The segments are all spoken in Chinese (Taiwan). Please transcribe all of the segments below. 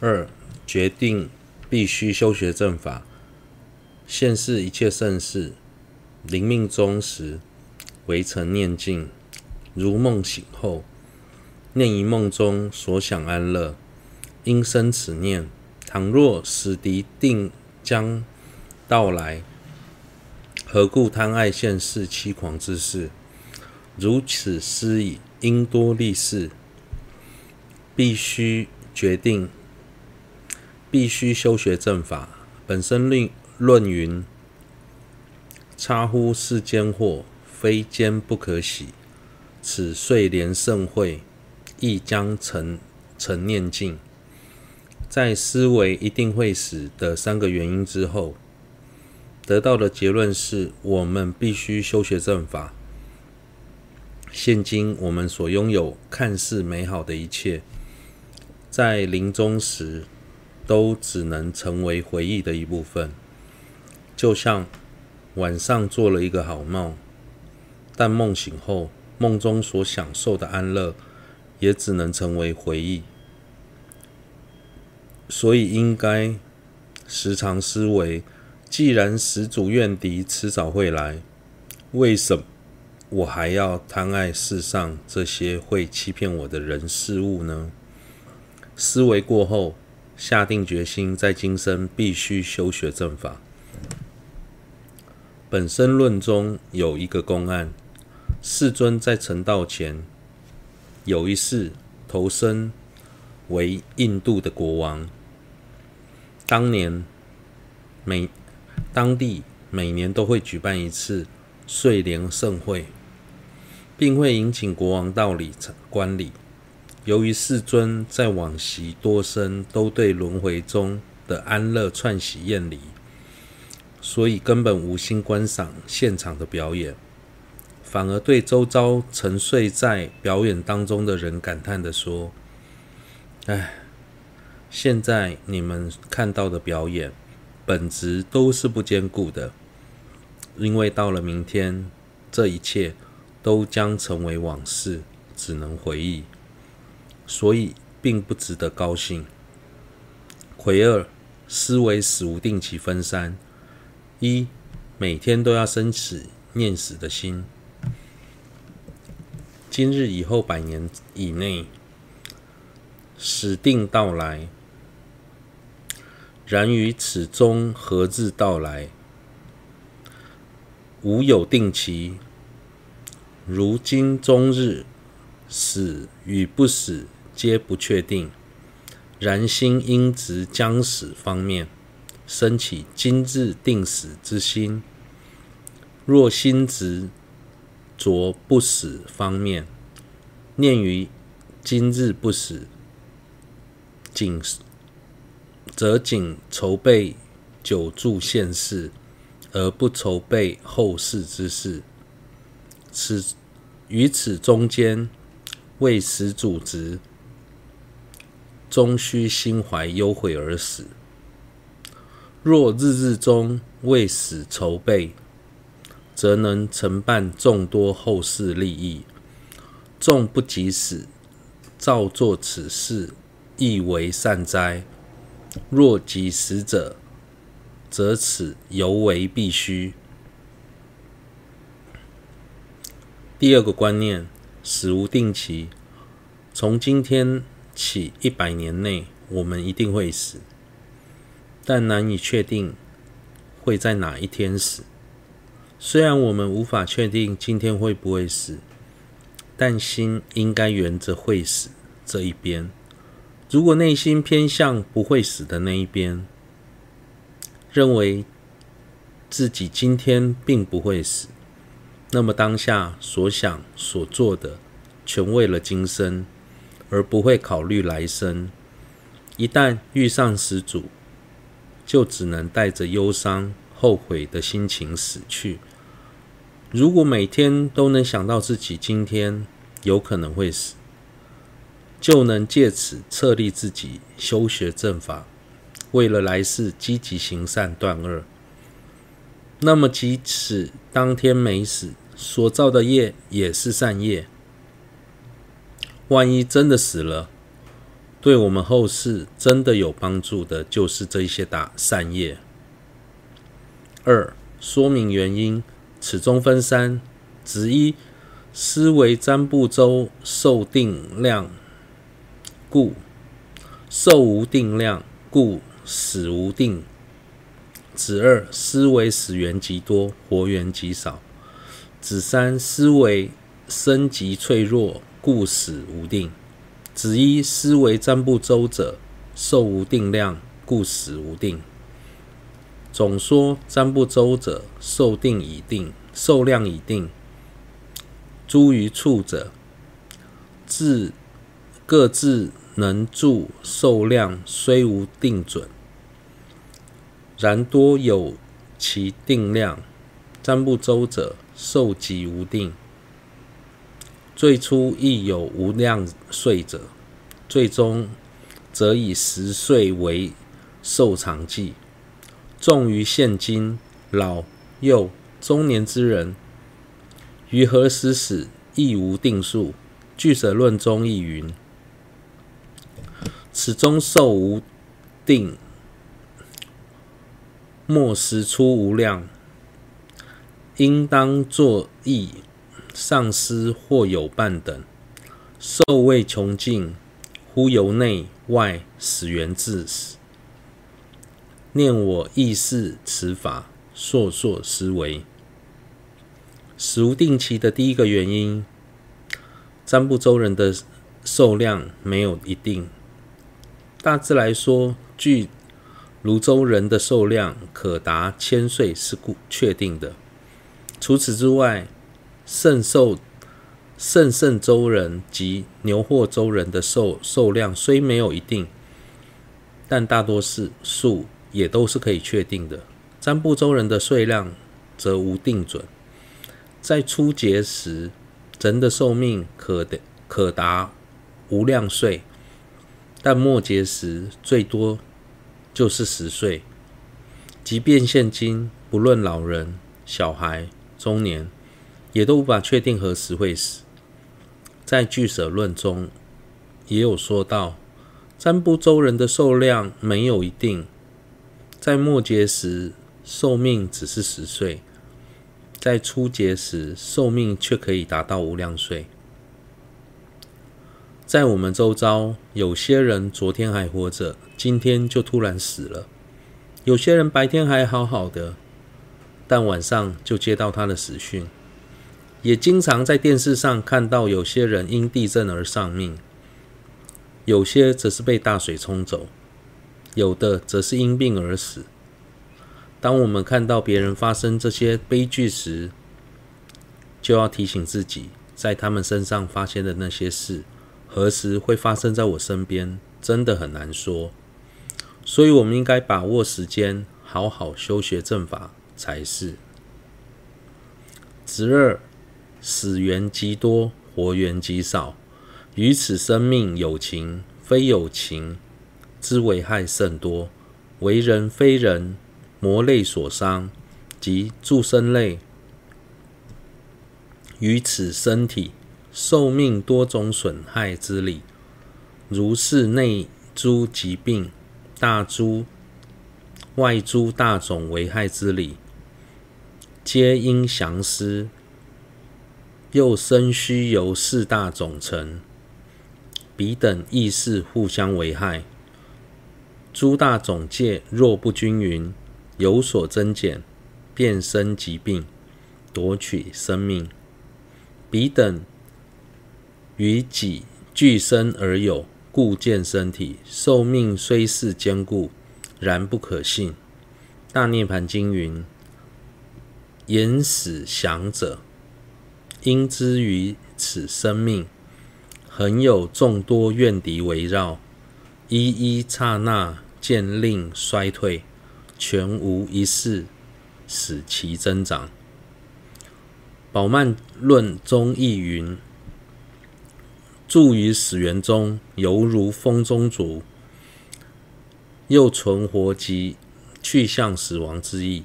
二、決定必須修學正法，現世一切盛事，臨命終時，唯成念境，如夢醒後，念於夢中所想安樂，應生此念，倘若死敵定將到來，何故貪愛現世癡狂之事？如此思已，應多立誓，必須決定。必須修學正法。本生論論云：“嗟呼世間惑，非堅不可喜，此睡連盛會亦將成成念境。”在思維一定會死的三個原因之後，得到的結論是我們必須修學正法。現今我們所擁有看似美好的一切，在臨終時。都只能成為回憶的一部分，就像晚上做了一個好夢，但夢醒後，夢中所享受的安樂，也只能成為回憶。所以應該時常思維，既然死主怨敵遲早會來，為什麼我還要貪愛世上這些會欺騙我的人事物呢？思維過後。下定決心，在今生必須修學正法。本生論中有一個公案：世尊在成道前，有一世投生為印度的國王。當年每當地每年都會舉辦一次歲蓮盛會，並會引請國王到禮成觀禮。由於世尊在往昔多生都對輪回中的安樂串習厭離，所以根本無心觀賞現場的表演，反而對周遭沉睡在表演當中的人感嘆地說：“唉，現在你們看到的表演本質都是不堅固的，因為到了明天，這一切都將成為往事，只能回憶。”所以，並不值得高興。癸二，思維死無定期分三。一，每天都要生起念死的心。今日以後百年以內，死定到來。然於此中何日到來？無有定期。如今終日。死與不死皆不確定，然心應執將死方面，生起今日定死之心；若心執着不死方面，念於今日不死，僅則僅籌備久住現世，而不籌備後世之事。此於此中間。為死組織，終須心懷憂悔而死；若日日中為死籌備，則能承辦眾多後世利益。縱不即死，造作此事亦為善哉。若即死者，則此尤為必須。第二個觀念。死無定期，從今天起一百年內，我們一定會死，但難以確定會在哪一天死。雖然我們無法確定今天會不會死，但心應該緣著會死這一邊。如果內心偏向不會死的那一邊，認為自己今天並不會死。那麼當下所想所做的，全為了今生，而不會考慮來生。一旦遇上死主，就只能帶着憂傷、後悔的心情死去。如果每天都能想到自己今天有可能會死，就能借此策勵自己修學正法，為了來世積極行善斷惡。那麼即使當天沒死，所造的業也是善業，萬一真的死了，對我們後世真的有幫助的，就是這些大善業。二、說明原因，此中分三：子一，思惟贍部洲，壽定量，故壽無定量，故死無定；子二，思惟死緣極多，活緣極少。子三思維身極脆弱，故死無定；子一思維贍部洲者，壽無定量，故死無定。總說贍部洲者，壽定已定，壽量已定。諸餘處者，自各自能住壽量，雖無定準，然多有其定量。贍部洲者。壽極無定，最初亦有無量歲者，最終則以十歲為壽長計。重於現今老幼中年之人，於何時死亦無定數。俱舍論中亦云：此中壽無定，末時出無量。應當作意，上師或有伴等，壽位窮盡，忽由內外死緣至。念我亦是，此法數數思惟。死無定期的第一個原因，贍部洲人的壽量沒有一定。大致來說，據俱盧洲人的壽量可達千歲是固確定的。除此之外，勝身、勝身洲人及牛貨洲人的壽壽量雖沒有一定，但大多是數，也都是可以確定的。贍部洲人的歲量則無定準。在初劫時，人的壽命可得可達無量歲，但末劫時最多就是十歲。即便現今，不論老人小孩。中年，也都無法確定何時會死。在《俱舍論》中，也有說到，三部洲人的壽量沒有一定。在末劫時，壽命只是十歲；在初劫時，壽命卻可以達到無量歲。在我們周遭，有些人昨天還活着，今天就突然死了；有些人白天還好好的。但晚上就接到他的死訊，也經常在電視上看到有些人因地震而喪命，有些則是被大水沖走，有的則是因病而死。當我們看到別人發生這些悲劇時，就要提醒自己，在他們身上發生的那些事，何時會發生在我身邊，真的很難說。所以，我們應該把握時間，好好修學正法。才是。子二，死緣極多，活緣極少。於此生命有情非有情之危害甚多，為人非人魔類所傷及諸生類於此身體壽命多種損害之理，如是內諸疾病大諸外諸大種危害之理。皆因降失，又生虛由四大種成，彼等意識互相為害。諸大種界若不均勻，有所增減，便生疾病，奪取生命。彼等與己俱生而有，故見身體壽命雖是堅固，然不可信。大涅槃經云。言死想者，因之於此生命，恆有眾多怨敵圍繞，一一剎那見令衰退，全無一事使其增長。寶鬘論中亦云：住於死緣中，猶如風中燭，又存活及去向死亡之意。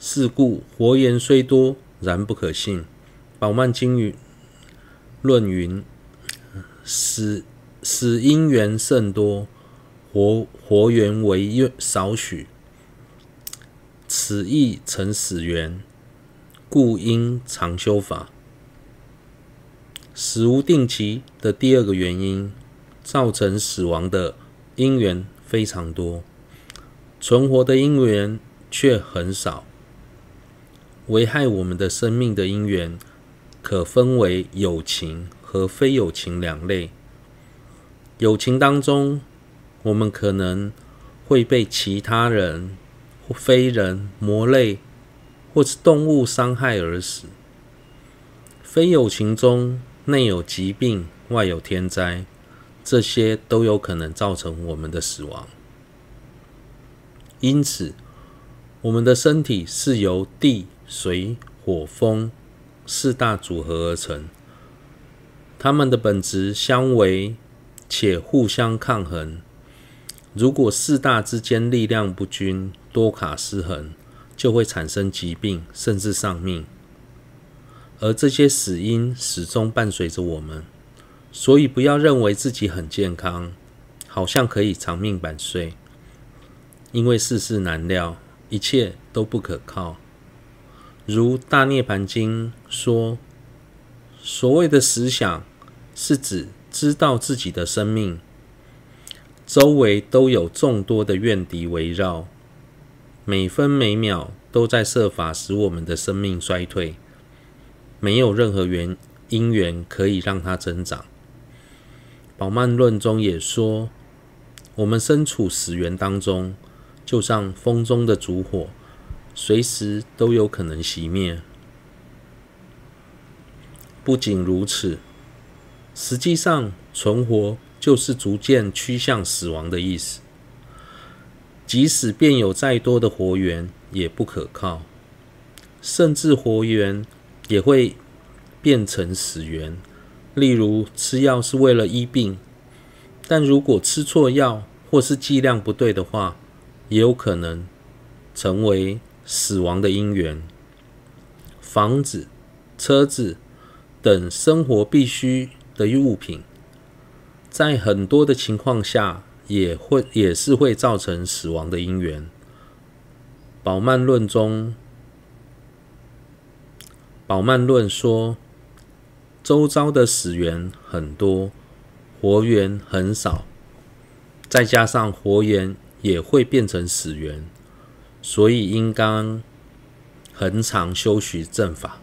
是故活緣雖多，然不可信。寶曼經云：“論云，死死因緣甚多，活活緣為少許。此亦成死緣，故應常修法。”死無定期的第二個原因，造成死亡的因緣非常多，存活的因緣卻很少。危害我們的生命的因緣，可分為有情和非有情兩類。有情當中，我們可能會被其他人、或非人、魔類或是動物傷害而死；非有情中，內有疾病，外有天災，這些都有可能造成我們的死亡。因此，我們的身體是由地。水、火、風四大組合而成，它們的本質相違且互相抗衡。如果四大之間力量不均、多卡失衡，就會產生疾病，甚至喪命。而這些死因始終伴隨着我們，所以不要認為自己很健康，好像可以長命百歲。因為世事難料，一切都不可靠。如《大涅槃經》說，所謂的思想，是指知道自己的生命周圍都有眾多的怨敵圍繞，每分每秒都在設法使我們的生命衰退，沒有任何因緣可以讓它增長。《寶曼論》中也說，我們身處死緣當中，就像風中的燭火。隨時都有可能熄滅。不僅如此，實際上存活就是逐漸趨向死亡的意思。即使便有再多的活源，也不可靠。甚至活源也會變成死源。例如，吃藥是為了醫病，但如果吃錯藥或是劑量不對的話，也有可能成為。死亡的因緣，房子、車子等生活必需的物品，在很多的情況下也會也是會造成死亡的因緣。寶鬘論中，寶鬘論說，周遭的死緣很多，活緣很少，再加上活緣也會變成死緣。所以應當恆常修習正法。